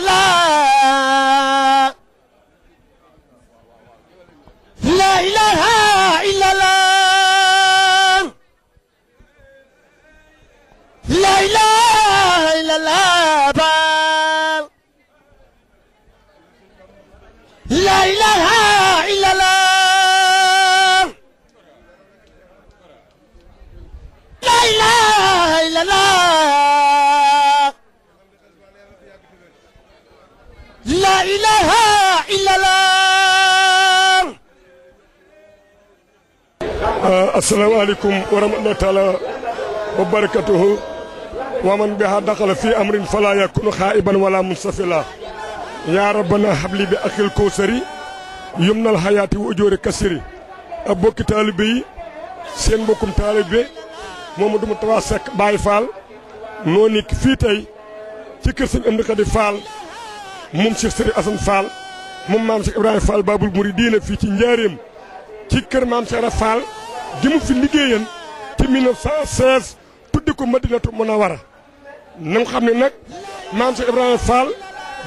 la Uh, asalaamaaleykum wa rahmatullahi taala wa barakatuhu wa man biha daxala fi amrin fala yakunu xaa'iban wala mustafila yaa rabbana habli bi akil kawsari yumnal xayaati wa ujoori kasiri ak bokki taalibe yi seen mbokkum taalibe moomu du mu Baay Faal noo fii tey ci kër sëñ Amdi Xadi Faal moom Cheikh Sëriñ Asan Faal moom maam Cheikh Ibrahima Fall Babul Muridiina fii ci njaareem ci kër maam Cheikh Ibra gi mu fi liggéeyan ci 1916 tuddi ko Madinatu Munawara na nga xam ne nag maam si Ibrahima Fall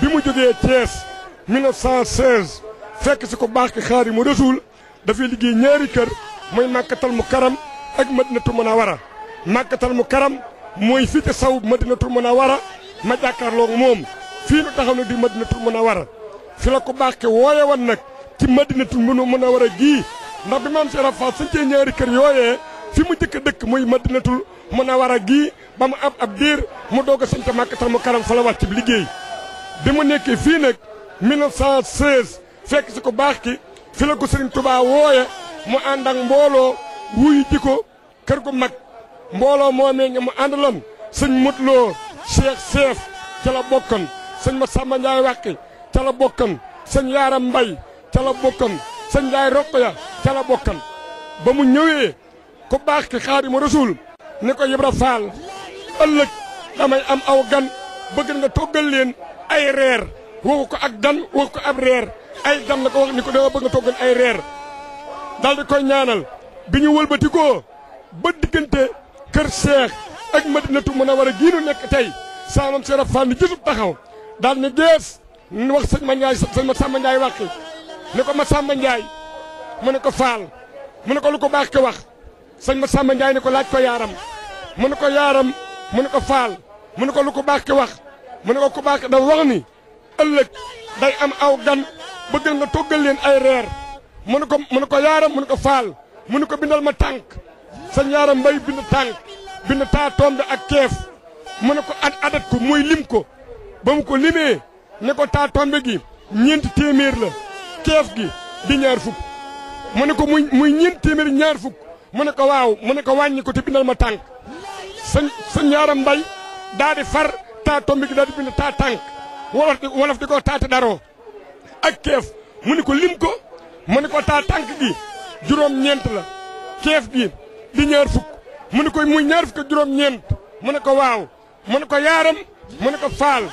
bi mu jógee Thiès 1916 fekk si ko baax ki xaar yi mu rasuul dafay liggéey ñaari kër mooy màkkatal mu karam ak Madinatu Munawara màkkatal mu karam mooy fii ci saw Madinatu Munawara ma jàkkaarloog moom fii nu taxaw ne di Madinatu Munawara fi la ko baax ki wooye woon nag ci Madinatu Munawara gi ndax bi maam Cheikh Fall suñ cee ñaari kër yooyee fi mu jëkk dëkk muy war a gii ba mu ab ab diir mu doog a sañca màkkatal mu karam fa la wàcc bi liggéey bi mu nekkee fii nag 1916 fekk si ko baax ki fi ko Serigne Touba wooye mu ànd ak mbooloo wuyu ji ko kër gu mag mbooloo moomee nga mu àndaloon sëñ Motloo Cheikh Seef ca la bokkan sëñ Masamba Ndiaye Wàqi ca la bokkan sëñ Yaaram Mbay cala la bokkan sëñ Njaay Roqaya ca la bokkan ba mu ñëwee ku baax ki Xaadimu Rasuul ne ko Ibra Faal ëllëg damay am aw gan bëgg nga toggal leen ay reer waxu ko ak gan waxu ko ab reer ay gan ko wax ni ko dama bëgg nga toggal ay reer daal di koy ñaanal bi ñu wëlbatikoo ba diggante kër Seex ak Madinatu Munawara gii nu nekk tey saamam seera Faal ni gisub taxaw daal ni gees wax sëñ ma Njaay sëñ ma ne ko Massamba Ndiaye mu ne ko Faal mu ne ko lu ko baax wax sëñ Massamba Ndiaye ne ko laaj ko yaaram mu ne ko yaaram mu ne ko Faal mu ne ko lu ko baax wax mu ne ko ku baax dafa wax ni ëllëg day am aw gan bëggal nga toggal leen ay reer mu ne ko mu ne ko yaaram mu ne ko Faal mu ko bindal ma tànk sëñ yaaram mbay bind tànk bind taa ak keef mu ne ko ad adat ko mooy lim ko ba mu ko limee ne ko taa tombe gi ñeenti téeméer la keef gi di ñaar fukk mu ne ko muy muy ñeent ñaar fukk mu ne ko waaw mu ne ko wàññi ko te bindal ma tànk sa sa ñaaram mbay daa di far taa tombi gi daa taa tànk wolof di wolof di ko taate daroo ak keef mu ne ko lim ko mu ne ko taa tànk gi juróom-ñeent la keef gi di ñaar fukk mu ne ko muy ñaar fukk juróom-ñeent mu ne ko waaw mu ne ko yaaram mu ne ko faal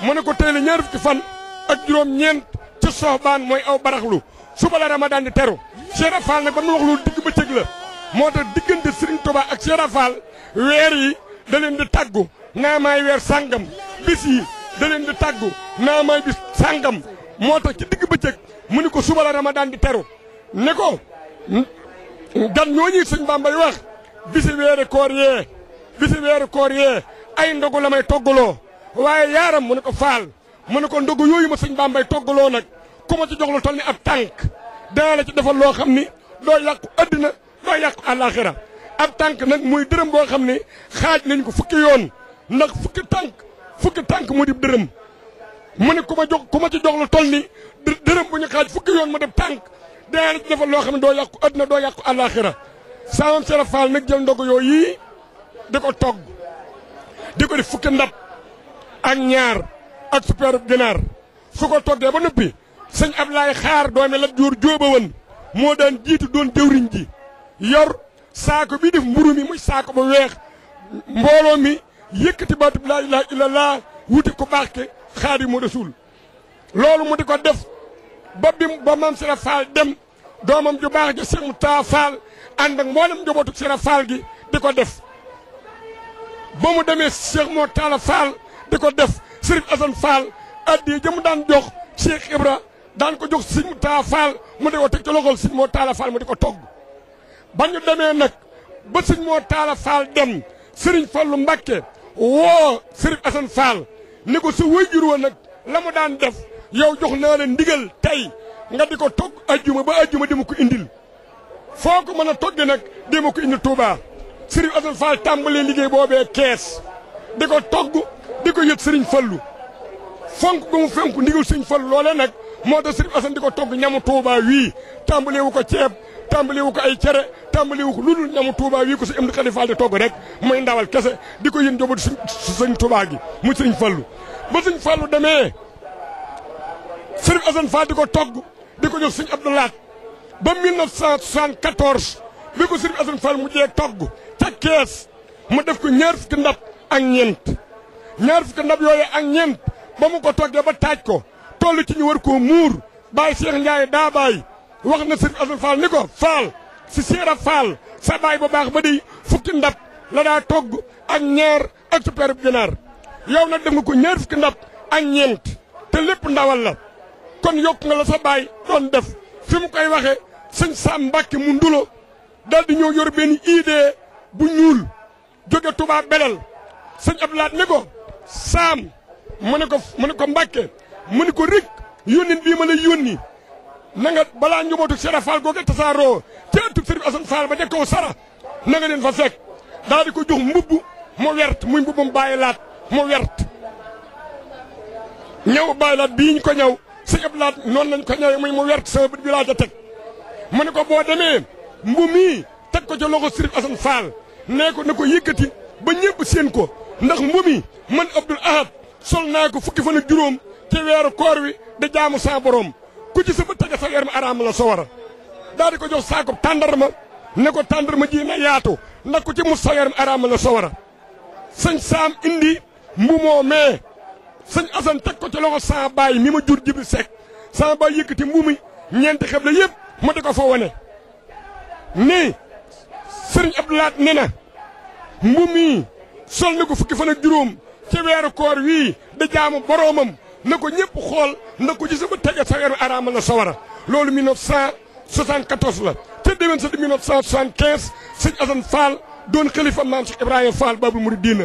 mu ne ko tey la ñaar fukki fan ak juróom-ñeent su soobaan mooy aw baraxlu suba la Ramadan di teru Cheikh Rafal nag ba nu wax loolu digg ba cëg la moo tax diggante Serigne ak Cheikh Rafal weer yi da leen di tàggu naa maay weer sàngam bis yi da di tàggu naa maay bis sàngam moo tax ci digg bëccëg mu ni ko suba la Ramadan di teru ne ko gan ñooñu sëñ Bàmbay wax bisi weeru koor yee bisi weeru koor yee ay ndogu la may toggaloo waaye yaaram mu ne ko faal mu ne ko ndogu yooyu ma sëñ Bàmbay toggaloo nag ku ma ci jox lu toll ni ab tànk dana la ci defal loo xam ni doo yàqu addina doo yàqu àllaaxira ab tànk nag muy dërëm boo xam ni xaaj nañ ko fukki yoon ndax fukki tànk fukki tànk mu di dërëm mu ne ku ma jox ku ma ci jox lu toll ni dërëm bu ñu xaaj fukki yoon mu def tànk dana la ci defal loo xam ne doo yàqu addina doo yàqu àllaaxira saamam sera faal nag jël ndogu yooyu yii di ko togg di ko di fukki ndab ak ñaar ak suppeeru ginaar su ko toggee ba noppi sëñ Ablaye xaar doomi Lat Joor jóoba woon moo daan jiitu doon jëwriñ ji yor saako bi def mburu mi muy saako ba weex mbooloo mi yëkkati baatub laa ilaaha illallaah wuti ko barke Xaadimu Rasuul loolu mu di ko def ba bi ba maam Sera Fall dem doomam ju baax ja sëñ Taa Fall gi di ko def ba mu demee Cheikh Moo Talla Fall di ko def Serigne Assane Fall addi jëm daan jox Cheikh Ibra daan ko jox sëñ taa faal mu di ko teg moo taala faal di ko togg ba ñu demee nag ba sëñ moo taala faal dem sëriñ Fallu Mbàkke woo sëriñ Asan Faal ni ko sa wëyjur wa nag la mu daan def yow jox naa la ndigal tey nga di ko togg ajjuma ba ajjuma di ma ko indil foo ko mën a togge nag di ma ko indil Tuubaa sëriñ Asan Faal tàmbalee liggéey boobee kees di ko togg di ko yët sëriñ Fallu fonk gu mu fonk ndigal Fallu loole nag moo tax Serigne Assane di ko togg ñamu Touba wii tàmbale ko ceeb tàmbale ko ay cere tàmbale ko lu dul ñamu Touba wii ko si Amdi Khalifa di togg rek mooy ndawal kese di ko yéen jobatu sëñ Touba gi mu sëñ Fallu ba sëñ Fallu demee Serigne Assane Fall di ko togg di ko jox sëñ Abdou Lahat ba 1974 bi ko Serigne Assane Fall mu jee togg ca mu def ko ñaar fukki ndab ak ñeent ñaar fukki ndab yooyu ak ñeent ba mu ko toggee ba taaj ko toll ci ñu war koo muur Baye Cheikh Ndiaye daa baay wax na Sëriñ Assane Fall ni ko Fall si Cheikh Fall sa baay bu baax ba di fukki ndab la daa togg ak ñaar ak super ginaar yow nag def nga ko ñaar fukki ndab ak ñeent te lépp ndawal la kon yokk nga la sa baay doon def fi mu koy waxee sëñ Sam Mbàkke mu ndulo daal di ñëw yor benn bu ñuul jóge Touba Belel sëñ Abdoulaye ne ko Sam mu ne ko mu ne ko Mbàkke mu ni ko rek yónnin bii ma la yónni na nga balaa njabootu Serap Fall googu tasaaroo teetub Serigne Assane Fall ba nekk kaw sara na nga fa fekk daal di ko jox mbubb mu wert muy mbubbam bàyyi laat mu wert ñëw bàyyi laat bii ñu ko ñaw sëñ ab laat noonu lañ ko ñëwee muy mu wert sa bët bi laa ca teg mu ne ko boo demee mbu mii teg ko ca loxo Serigne Assane Fall nee ko na ko yëkkati ba ñëpp seen ko ndax mbu mi man Abdoul Ahad sol naa ko fukki fan ak juróom ci weeru koor wi di jaamu sa borom ku ci sa bët tege sa yaram araam la sawara ko jox saako tàndarma ne ko tàndarma ji na yaatu ndax ku ci mus sa yaram araam la sawara sëñ saam indi mbu moo mee sëñ asan teg ko ci loxo saa baay mi ma jur jibi sek saa baay yëkkati mbu ñeenti xeble yëpp mu di ko fa wane ni sëriñ abdulaat ne na mbu mii sol na ko fukki fan ak juróom ci weeru koor wii da jaamu boroomam na ko ñëpp xool na ko ci sama tege sa weer araamal na sawara loolu 1974 la te déwén sa di 1975 sëñ Assane Fall doon xalifa maam Cheikh Ibrahima Fall Babul Mouridina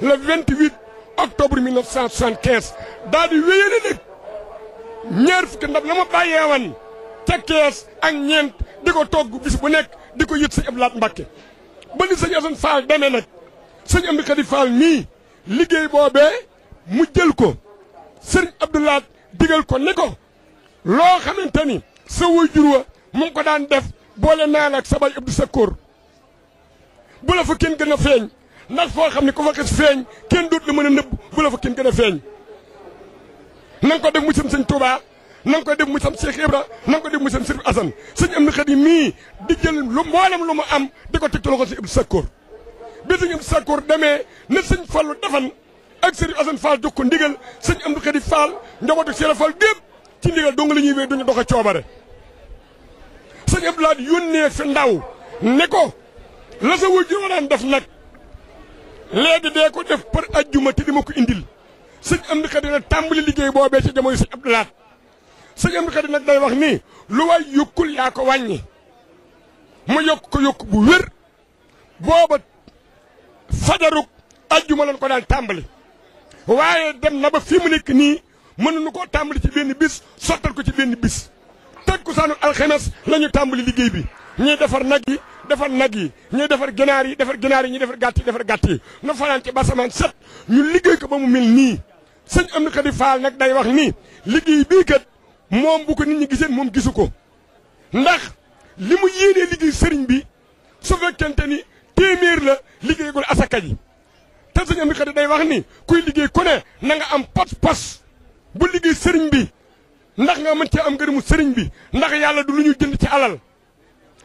le 28 octobre daa daal di wéyale nag ñaar fukki ndab na ma bàyyee ca kees ak ñeent di ko togg bis bu nekk di ko yët sëñ Abdoulaye Mbacke ba ni sëñ Assane Fall demee nag sëñ Amdi Khady Fall nii liggéey boobee mu jël ko. sëriñ Abdoulaat digal ko ni ko loo xamante ni sa waajur wa mu ko daan def boole naa la ak sa bay Abdou Sakkoor bu la fa kenn gën a feeñ ndax foo xam ne ku fa xes feeñ kenn doot la mën a nëbb bu la fa kenn gën a feeñ na ko def mu sam sëñ Touba na nga ko def mu sam Cheikh Ibra na ko def mu sam Sëriñ Asan sëñ am na xët yi mii di jël lu mboolem lu mu am di ko teg ci loxo si Abdou Sakkoor bi sëñ Abdou Sakkoor demee ne sëñ Fallu defan ak Serigne Assane Fall jox ko ndigal sëñ Amdou Khady Fall njabootu Serigne Fall gépp ci ndigal dong la ñuy wéy duñu dox a coobare. sëñ Abdou Lahad yónnee fi ndaw ne ko la sa wajur def nag léegi dee ko def par ajjuma te dima ko indil sëñ Amdou Khady nag tàmbali liggéey boobee ci jamono sëñ Abdou Lahad sëñ Amdou Khady nag day wax ni lu waay yokkul yaa ko wàññi mu yokk ko yokk bu wér booba fajaruk ajjuma lañ ko daan tàmbali. waaye dem na ba fi mu nekk nii mënuñu koo tàmbali ci benn bis sottal ko ci benn bis ko takkusaanu alxemes la ñu tàmbali liggéey bi ñuy defar nag yi defar nag yi ñuy defar ginaar yi defar ginaar yi ñuy defar gàtt yi defar gàtt yi na fanaan ci basamaan set ñu liggéey ko ba mu mel nii sëñ am na xadi faal nag day wax nii liggéey bii kat moom bu ko nit ñi giseen moom gisu ko ndax li mu yéenee liggéey sëriñ bi su fekkente ni téeméer la liggéey gul asaka ji te sëñ Amdi Xadi day wax ni kuy liggéey ku ne na nga am pas-pas bu liggéey sëriñ bi ndax nga mën cee am ngërëmu sëriñ bi ndax yàlla du lu ñu jënd ci alal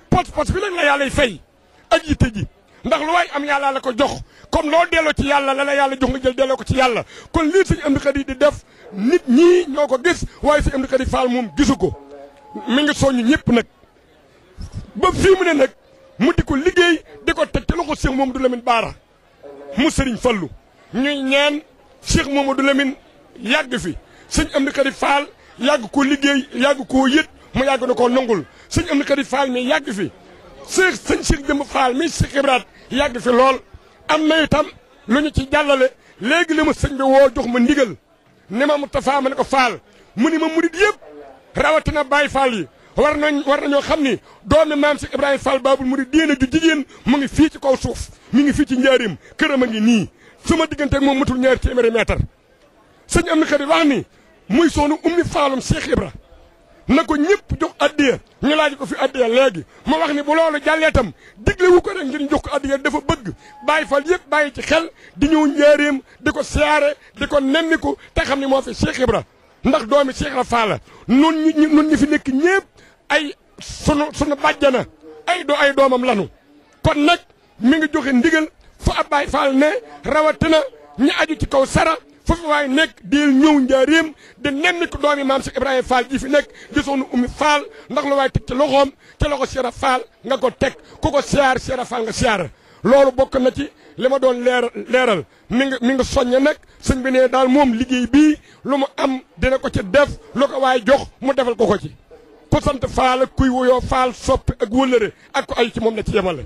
pas-pas bi na la yàllay fay ak yitte ji ndax lu waay am yàlla la ko jox comme loo delloo ci yàlla la la yàlla jox nga jël delloo ko ci yàlla kon lii sëñ Amdi Xadi di def nit ñii ñoo ko gis waaye sëñ Amdi Xadi Fall moom gisu ko mi ngi soññ ñëpp nag ba fii mu ne nag mu di ko liggéey di ko teg ci loxo Cheikh Mamadou Lamine mu sëriñ fallu ñuy ñaan Cheikh Mamadou Lamine yàgg fi sëñ Amdi Kadi Faal yàgg koo liggéey yàgg koo yët mu yàgg na koo nangul sëñ Amdi Kadi Faal mi yàgg fi sëñ sëñ Cheikh Demba Faal mi Cheikh Ibrahima yàgg fi lool am na itam lu ñu ci jàllale léegi li ma sëñ bi woo jox ma ndigal ne ma mu tafaa ma ne ko faal mu ni ma murit yëpp rawatina Baay Faal yi war nañ war nañoo xam ni doomi maam Cheikh Ibrahima Fall Baabul Muridiina ju jigéen mu ngi fii ci kaw suuf mi ngi fii ci njaarim këram a ngi nii sama diggante ak moom matul ñaari téeméeri meetar sëñ am na xarit wax ni muy soonu ummi faalum Cheikh Ibra na ko ñëpp jox addiya ñu laaj ko fi addiya léegi ma wax ni bu loolu jàllee tam digle ko rek ngir jox ko addiya dafa bëgg bàyyi fal yëpp bàyyi ci xel di ñëw njaareem di ko siyaare di ko nemmiku te xam ne moo fi Cheikh ndax doomi Cheikh la Fall nun ñu nun ñu fi nekk ñépp ay sunu sunu bàjjana ay doo ay doomam lanu kon nag mi ngi joxe ndigal fu ab Baay Fall ne rawatina ñi aju ci kaw sara foofu waaye nekk deel ñëw njaaréem di nemmi ko doomi maam Cheikh Ibrahima Fall ji fi nekk di soxna Oumy Fall ndax lu waaye teg ci loxoom ci loxo Cheikh Fall nga ko teg ku ko siyaar Cheikh Fall nga siyaar loolu bokk na ci li ma doon leer leeral mi ngi mi ngi soññe nag sëñ bi ne daal moom liggéey bii lu mu am dina ko ci def lu waay jox mu defal ko ko ci ku sant faal ak kuy woyoo faal sopp ak wëllëre ak ko ay ci moom la ci yemale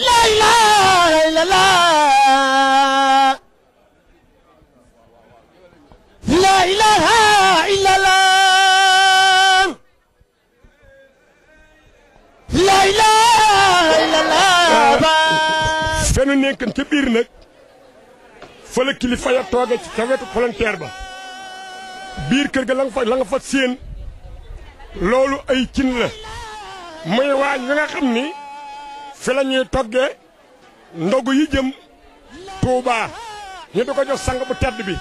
la Lincoln ci biir nag fa la kilifa ya tooge ca wetu volontaire ba biir kër ga la nga fa la nga séen loolu ay cin la muy waañ wi nga ni fi ñuy toggee ndogu yi jëm Touba ñu ko jox sang bu tedd bi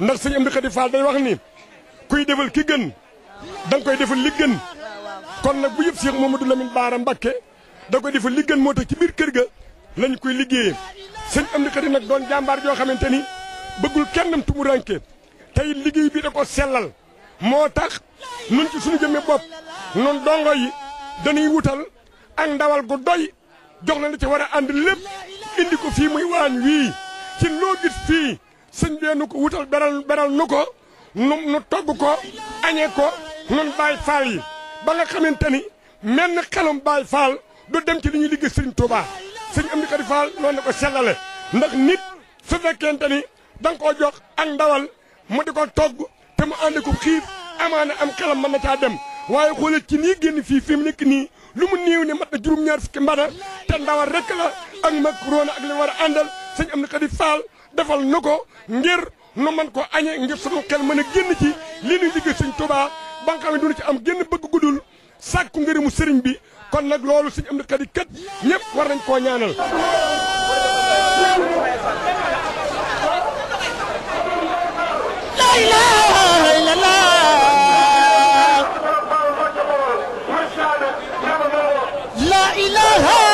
ndax sëñ Amdi Xadi Fall day wax ni kuy defal ki gën danga koy defal li gën kon nag bu yëpp Cheikh Mamadou Lamine Baara Mbacké da koy defal li gën moo tax ci biir kër ga lañ koy liggéeye sëñ Amdi Xadim nag doon jàmbaar joo xamante ni bëggul kennam tumuranke tey liggéey bi da ko sellal moo tax nun ci suñu jëmme bopp nun dongo yi dañuy wutal ak ndawal gu doy jox la li ci war a ànd lépp indi ko fii muy waañ wii ci loo fii sëñ bee ko wutal beral beral nu ko nu nu togg ko añee ko nun baay faal yi ba nga xamante ni menn xelum baay faal du dem ci li ñuy liggéey sëriñ Tuubaa sëñ Amdi Khady Fall noonu la ko sellale ndax nit su fekkente ni da ko jox ak ndawal mu de ko togg te mu ànd ko xiif amaana am xelam ma na caa dem waaye xoolal ci nii génn fii fi mu nekk nii lu mu néew ni mat na juróom-ñaar fukki mbana te ndawal rek la ak macaroni ak li war a àndal sëñ Amdi Khady Fall defal nu ko ngir nu man ko añe ngir sunu xel mën a génn ci li ñuy liggéey sëñ Tuubaa ba nga xam ci am génn bëgg guddul sàkku ngërëmu sëriñ bi kon nag loolu suñu am na kat war nañ koo ñaanal la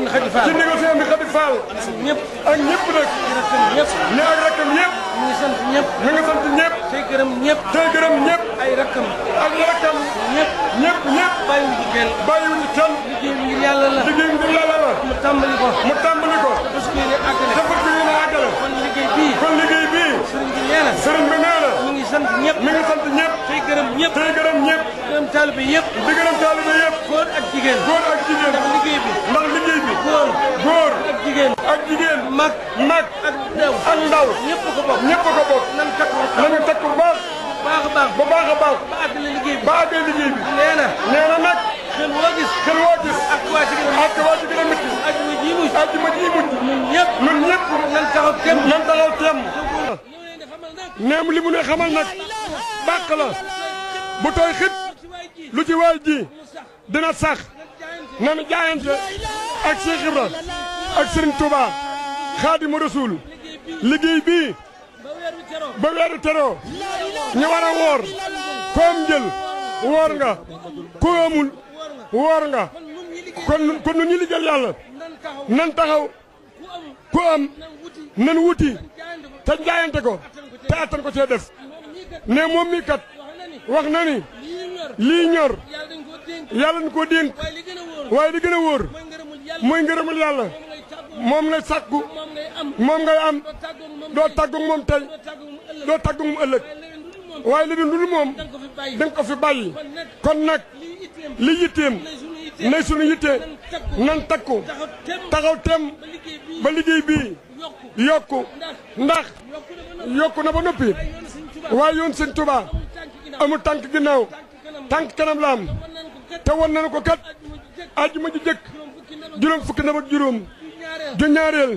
am na xadi faal ci négociation bi xadi faal. ak ñëpp nag. ñu ak rakkam ñëpp. ñu ngi sant ñëpp. ñu ngi sant ñëpp. tey gërëm ñëpp. tey gërëm ñëpp. ay rakkam. ak rakkam. ñëpp ñëpp ñëpp. bàyyiwuñu kenn. bàyyiwuñu kenn. liggéey ngir yàlla la. liggéey ngir yàlla la. mu tàmbali ko. mu tàmbali ko. parce que yéen a àggale. dafa ko yéen a àggale. kon liggéey bii. kon liggéey bii. sëriñ bi nee na. sëriñ bi nee na. mi ngi sant ñëpp. mi ngi sant ñëpp. tey gërëm ñëpp. tey gërëm ñëpp. gërëm taalibe yëpp di gërëm taalibe yëpp. góor ak jigéen góor ak jigéen. ndax liggéey bi ndax liggéey bi. góor góor ak jigéen. ak jigéen mag mag ak ndaw ak ndaw. ñëpp ko bokk ñëpp ko bokk. nañ takk nañ takk bu baax. baax a baax ba baax a baax. ba àggale liggéey bi ba àggale liggéey bi. nee na nee na nag. kër woo gis kër woo gis. ak waa ci gën a ak waa ci gën a métti. àjjuma ji mujj àjjuma ji mujj. ñun ñëpp ñun ñëpp. nañ taxaw temm nañ taxaw temm. neem li mu ne xamal nag bàq la bu tooy xit lu ci waay ji dina sax nanu jaayante ak Cheikh Ibra ak Serigne Touba Xaadimu Rasuul liggéey bii ba weeru teroo ñu war a woor koom jël woor nga ku amul woor nga kon nu ñu liggéeyal yàlla nan taxaw ku am nan wuti te jaayante ko te attan ko cee def ne moom mi kat wax na ni lii ñor yàlla ñu ko dénk waaye li gën a wóor mooy ngërëmul yàlla moom ngay sàkku moom ngay am doo tàggoog moom tey doo tàggoog mu ëllëg waaye li bi lu moom danga ko fi bàyyi kon nag li yitteem nay sunu yitte nan takku taxaw tem ba liggéey bii yokku ndax yokku na ba noppi waaye yoon sëñ Tuubaa amul tànk ginnaaw tànk kanam la am te wan nañu ko kat ajjuma ju jëkk juróom fukki ndam ak juróom ju ñaareel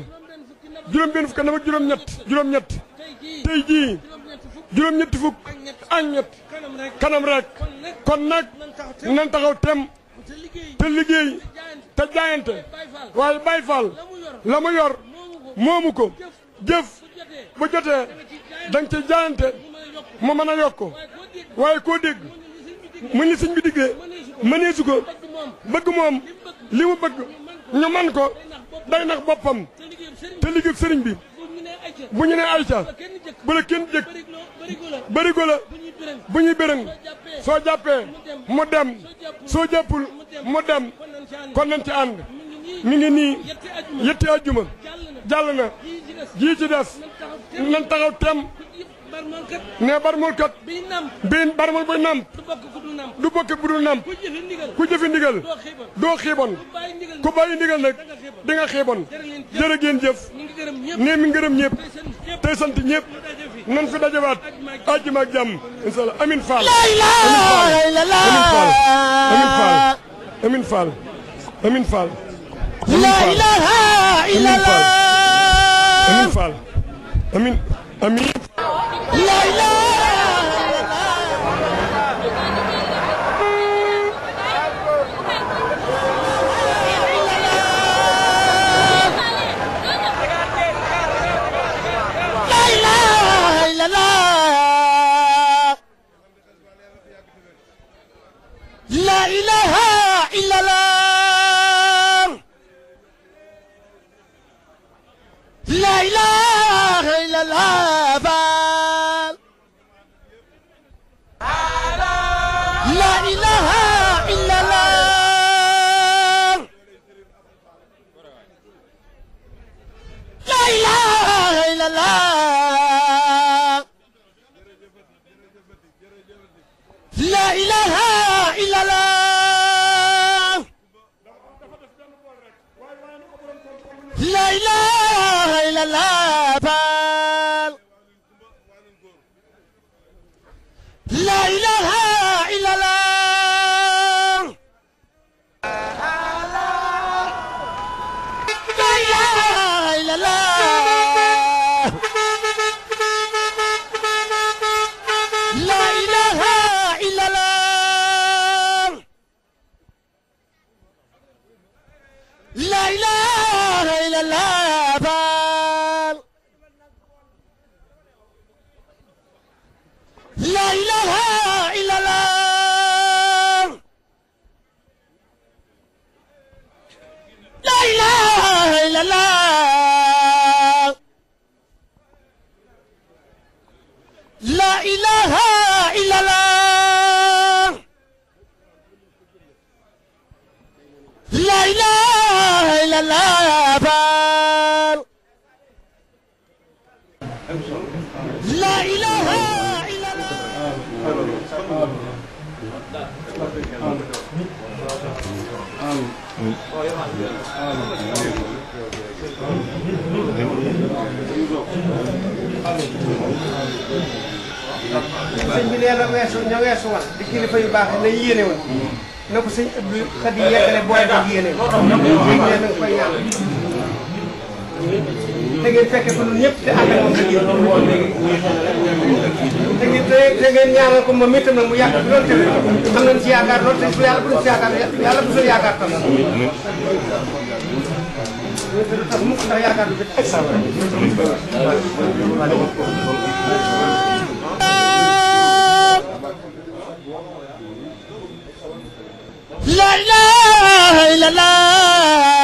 juróom benn fukki ndam ak juróom ñett juróom ñett tey jii juróom ñetti fukk ak ñett kanam rek kon nag nan taxaw tem te liggéey te jaayante waaye Baay Faal la mu yor moomu ko jëf bu jotee danga ci jaayante mu mën a yokk waaye koo dégg mu ni sëñ bi diggee mëneesu ko bëgg moom li mu bëgg ñu man ko day nax boppam te liggéey sëriñ bi bu ñu nee ayca bu la kenn jëkk bërigo la bu ñuy bërën soo jàppee mu dem soo jàppul mu dem kon nañ ci ànd mi ngi nii yetti ajjuma jàll na jii ci des nañ taxaw tem barmol kat ne barmol kat bi nam bi barmol du bokk ku dul nam du bokk ku dul nam ku jëfi ndigal ku jëfi doo xiibon ku bàyyi ndigal nag di xiibon jërë jëf ne mi ngërëm ñëpp tey sant ñëpp nan fi dajawaat àjjuma ak jàmm insha Allah amin faal amin faal amin faal amin faal la ilaha illallah amin faal amin amin la ilaha ilaha sëñ bi nee na weesu ña weesu woon di kilifa yu baax na yéene na ko sëñ ëpp xat yi booy def yéene na koy ñaan te ngeen fekke ko ñun ñëpp te ànd ak moom te ngeen ñaanal ko moom itam nag mu yàgg loolu tamit am nañu ci yaakaar loolu bu ñu ci yaakaar yàlla bu ñu la la la